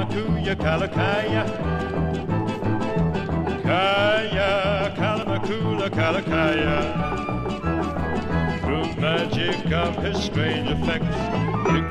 Kalamakuya, Kalakaya. Kaya, Kalamakula, Kalakaya. Through magic of his strange effects,